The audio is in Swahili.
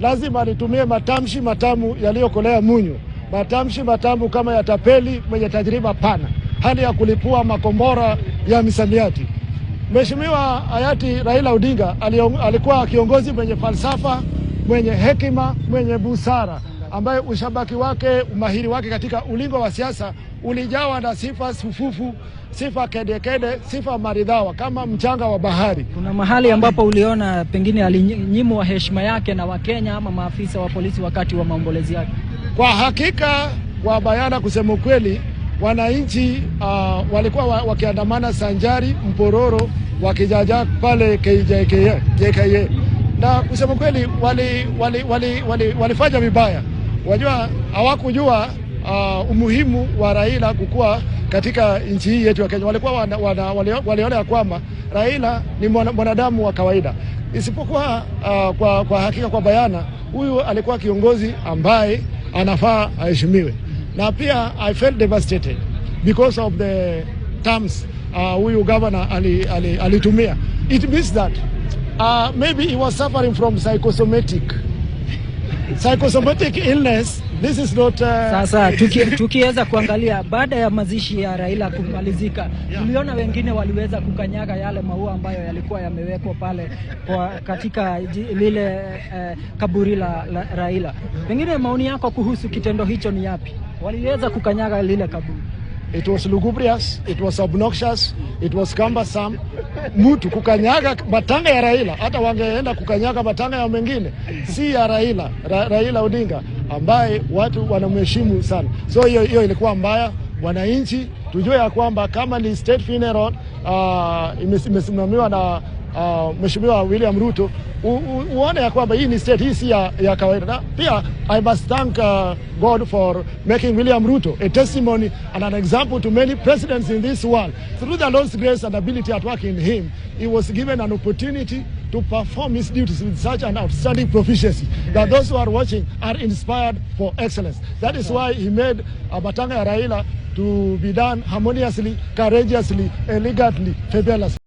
lazima nitumie matamshi matamu yaliyokolea munyu, matamshi matamu kama ya tapeli mwenye tajriba pana, hali ya kulipua makombora ya misamiati. Mheshimiwa hayati Raila Odinga alikuwa kiongozi mwenye falsafa, mwenye hekima, mwenye busara ambaye ushabaki wake umahiri wake katika ulingo wa siasa ulijawa na sifa sufufu, sifa kedekede kede, sifa maridhawa kama mchanga wa bahari. Kuna mahali ambapo uliona pengine alinyimwa heshima yake na Wakenya ama maafisa wa polisi wakati wa maombolezi yake? Kwa hakika, kwa bayana kusema ukweli, wananchi uh, walikuwa wakiandamana sanjari mpororo wakijaja pale KJKA na kusema kweli walifanya wali, wali, wali, wali vibaya wajua hawakujua uh, umuhimu wa Raila kukua katika nchi hii yetu ya Kenya. Walikuwa wana, wana, waliona ya kwamba Raila ni mwanadamu wa kawaida, isipokuwa uh, kwa, kwa hakika kwa bayana, huyu alikuwa kiongozi ambaye anafaa aheshimiwe, na pia I felt devastated because of the terms ah, huyu uh, governor alitumia ali, ali it means that uh, maybe he was suffering from psychosomatic psychosomatic illness this is not uh... Sasa tukiweza kuangalia baada ya mazishi ya Raila kumalizika, tuliona yeah, wengine waliweza kukanyaga yale maua ambayo yalikuwa yamewekwa pale kwa katika lile eh, kaburi la, la Raila. Pengine maoni yako kuhusu kitendo hicho ni yapi? Waliweza kukanyaga lile kaburi It was lugubrious, it was obnoxious, it was cumbersome. Mtu kukanyaga matanga ya Raila, hata wangeenda kukanyaga matanga ya mengine, si ya Raila Ra Raila Odinga ambaye watu wanamheshimu sana. So hiyo hiyo ilikuwa mbaya. Wananchi tujue ya kwamba kama ni state funeral uh, imesimamiwa na uh, Mheshimiwa William Ruto u, u, uone ya kwamba hii ni state, hii si ya, ya kawaida. Pia I must thank uh, God for making William Ruto a testimony and an example to many presidents in this world. Through the Lord's grace and ability at work in him, he was given an opportunity to perform his duties with such an outstanding proficiency that those who are watching are inspired for excellence. That is why he made Abatanga Raila to be done harmoniously, courageously, elegantly, fabulously.